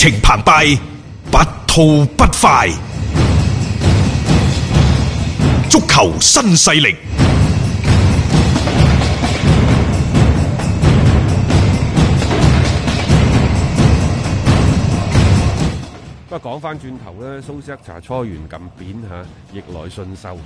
情澎湃，不吐不快。足球新勢力。不過講返轉頭咧，蘇斯克查初完咁扁，吓，逆來順受。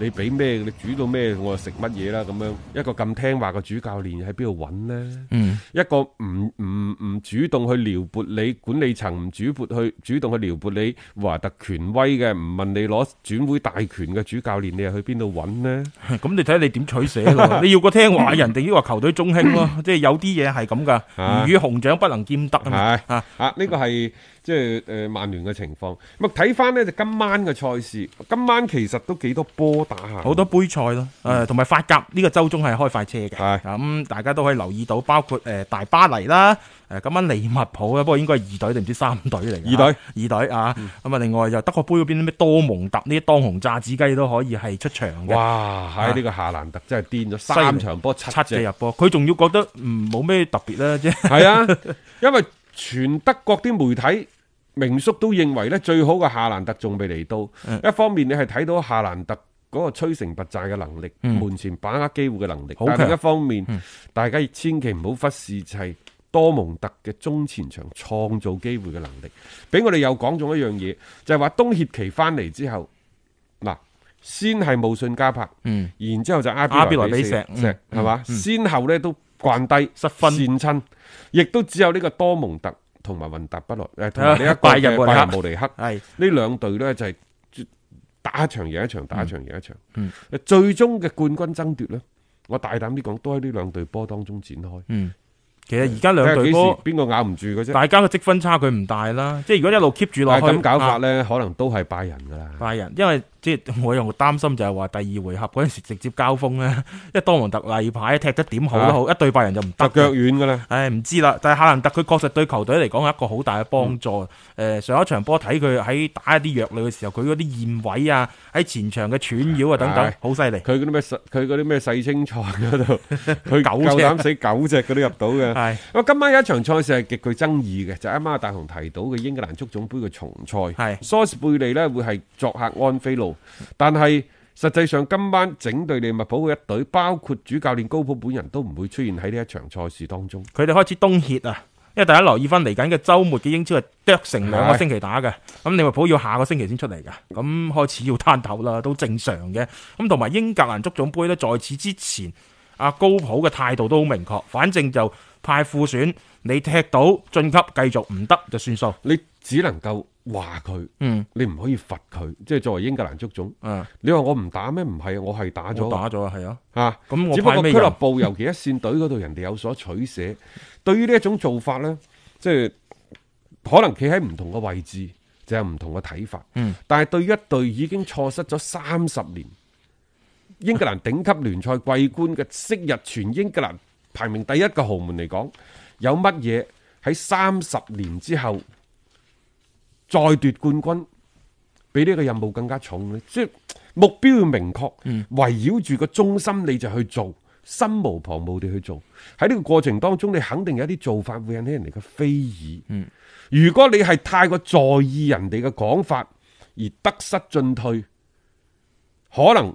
你俾咩？你煮到咩？我食乜嘢啦？咁樣一個咁聽話嘅主教練喺邊度揾呢？一個唔唔唔主動去撩撥你管理層唔主撥去主動去撩撥你，話特權威嘅唔問你攞轉會大權嘅主教練，你又去邊度揾呢？咁你睇下你點取捨，你要個聽話人，定要話球隊中興咯？即係有啲嘢係咁噶，魚與熊掌不能兼得啊！吓、啊，呢個係即係誒曼聯嘅情況。咁睇翻呢，就今晚嘅賽事，今晚其實都幾多波。好多杯賽咯，誒，同埋法甲呢個周中係開快車嘅，咁大家都可以留意到，包括誒大巴黎啦，誒今晚利物浦啊，不過應該係二隊定唔知三隊嚟嘅，二隊二隊啊，咁啊另外就德國杯嗰邊啲咩多蒙特呢啲當紅炸子雞都可以係出場嘅，哇，喺呢個夏蘭特真係癲咗，三場波七隻入波，佢仲要覺得唔冇咩特別啦即係，啊，因為全德國啲媒體名宿都認為咧最好嘅夏蘭特仲未嚟到，一方面你係睇到夏蘭特。嗰個摧城拔寨嘅能力，門前把握機會嘅能力，但另一方面，大家亦千祈唔好忽視就係多蒙特嘅中前場創造機會嘅能力。俾我哋又講中一樣嘢，就係話冬歇期翻嚟之後，嗱，先係慕遜加柏，然之後就阿阿比萊比錫，係嘛？先後呢都慣低失分，跣親，亦都只有呢個多蒙特同埋雲達不萊，誒，呢一個拜仁拜仁慕尼黑，係呢兩隊呢就係。打一場贏一場，打一場贏一場。嗯，嗯，最終嘅冠軍爭奪呢，我大膽啲講，都喺呢兩隊波當中展開。嗯。其實而家兩隊邊個咬唔住嗰啫？大家嘅積分差距唔大啦，即係如果一路 keep 住落去，咁搞法咧，可能都係拜仁噶啦。拜仁，因為即係我又擔心就係話第二回合嗰陣時直接交鋒咧，即係多蒙特例牌踢得點好都好，啊、一對拜仁就唔得。踢腳軟噶啦，唉唔、哎、知啦。但係哈蘭特佢確實對球隊嚟講係一個好大嘅幫助。誒、嗯，上一場波睇佢喺打一啲弱旅嘅時候，佢嗰啲燕位啊，喺前場嘅串繞啊等等，好犀利。佢嗰啲咩？佢啲咩世青賽嗰度，佢夠膽死 九隻隻佢都入到嘅。係是今晚有一場賽事係極具爭議嘅，就啱、是、啱大雄提到嘅英格蘭足總杯嘅重賽，係索是斯貝利呢會係作客安菲路，但係實際上今晚整隊利物浦嘅一隊，包括主教練高普本人都唔會出現喺呢一場賽事當中，佢哋開始冬歇啊。因為大家留意翻嚟緊嘅周末嘅英超係剁成兩個星期打嘅，咁是利物浦要下個星期先出嚟㗎，咁開始要攤頭啦，都正常嘅，咁同埋英格蘭足總杯呢，在此之前，阿高普嘅態度都好明確，反正就。派副選，你踢到晉級繼續唔得就算數。你只能夠話佢，嗯，你唔可以罰佢，即係作為英格蘭足總，嗯，你說，你話我唔打咩？唔係，我係打咗，我打咗係啊，吓、啊。咁我只不過俱樂部，尤其一線隊嗰度，人哋有所取捨。 對於呢一種做法呢，即係可能企喺唔同嘅位置，就有、是、唔同嘅睇法。嗯，但係對於一隊已經錯失咗三十年英格蘭頂級聯賽桂冠嘅昔日全英格蘭，排名第一嘅豪門嚟講，有乜嘢喺三十年之後再奪冠軍，比呢個任務更加重呢？即係目標要明確，圍繞住個中心你就去做，心無旁騖地去做。喺呢個過程當中，你肯定有啲做法會引起人哋嘅非議。嗯，如果你係太過在意人哋嘅講法而得失進退，可能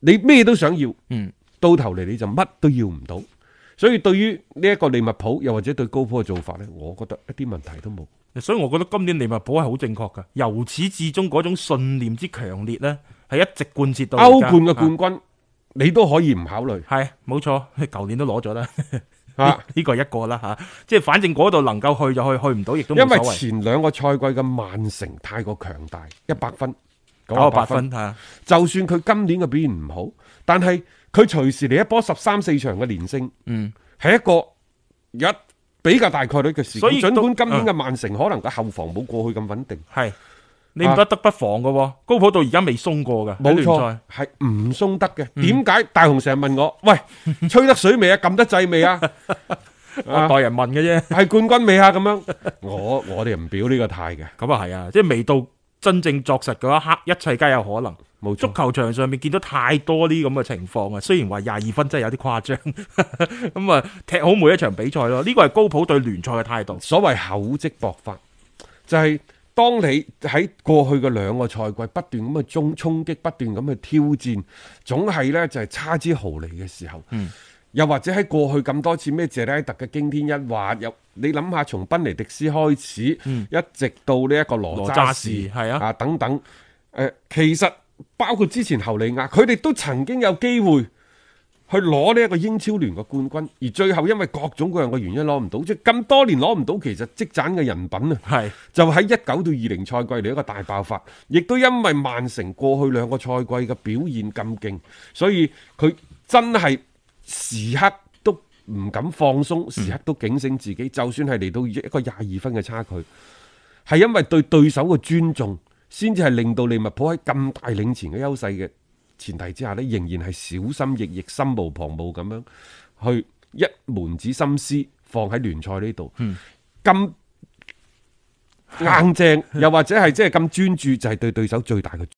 你咩都想要，嗯，到頭嚟你就乜都要唔到。所以對於呢一個利物浦又或者對高普嘅做法呢，我覺得一啲問題都冇。所以我覺得今年利物浦係好正確噶，由始至終嗰種信念之強烈呢，係一直貫徹到。歐冠嘅冠軍，是你都可以唔考慮。係冇錯，你舊年都攞咗啦。呢 個是一個啦吓，即係反正嗰度能夠去就去，去唔到亦都。因為前兩個賽季嘅曼城太過強大，一百分九啊八分，分分就算佢今年嘅表現唔好，但係。佢隨時嚟一波十三四場嘅連勝，嗯，係一個一比較大概率嘅事。所以盡管今年嘅曼城可能個後防冇過去咁穩定，係你唔不得不防嘅，高普到而家未鬆過嘅。冇錯，係唔鬆得嘅。點解大雄成日問我喂，吹得水未啊？撳得掣未啊？代人問嘅啫，係冠軍未啊？咁樣，我我哋唔表呢個態嘅，咁啊係啊，即係未到真正作實嗰一刻，一切皆有可能。無足球場上面見到太多呢啲咁嘅情況啊！雖然話廿二分真係有啲誇張，咁 啊踢好每一場比賽咯。呢個係高普對聯賽嘅態度。所謂厚積薄發，就係、是、當你喺過去嘅兩個賽季不斷咁去衝衝擊，不斷咁去挑戰，總係呢就係差之毫厘嘅時候。嗯、又或者喺過去咁多次咩謝拉特嘅驚天一滑，又你諗下從賓尼迪斯開始，嗯、一直到呢一個羅渣士係啊，啊，等等，誒、呃，其實。包括之前侯利亞，佢哋都曾經有機會去攞呢一個英超聯嘅冠軍，而最後因為各種各樣嘅原因攞唔到，即係咁多年攞唔到，其實積攢嘅人品啊，係就喺一九到二零賽季嚟一個大爆發，亦都因為曼城過去兩個賽季嘅表現咁勁，所以佢真係時刻都唔敢放鬆，時刻都警醒自己，就算係嚟到一個廿二分嘅差距，係因為對對手嘅尊重。先至係令到利物浦喺咁大領前嘅優勢嘅前提之下咧，仍然係小心翼翼、心無旁騖咁樣去一門子心思放喺聯賽呢度，咁、嗯、硬正是是又或者係即係咁專注，就係、是、對對手最大嘅。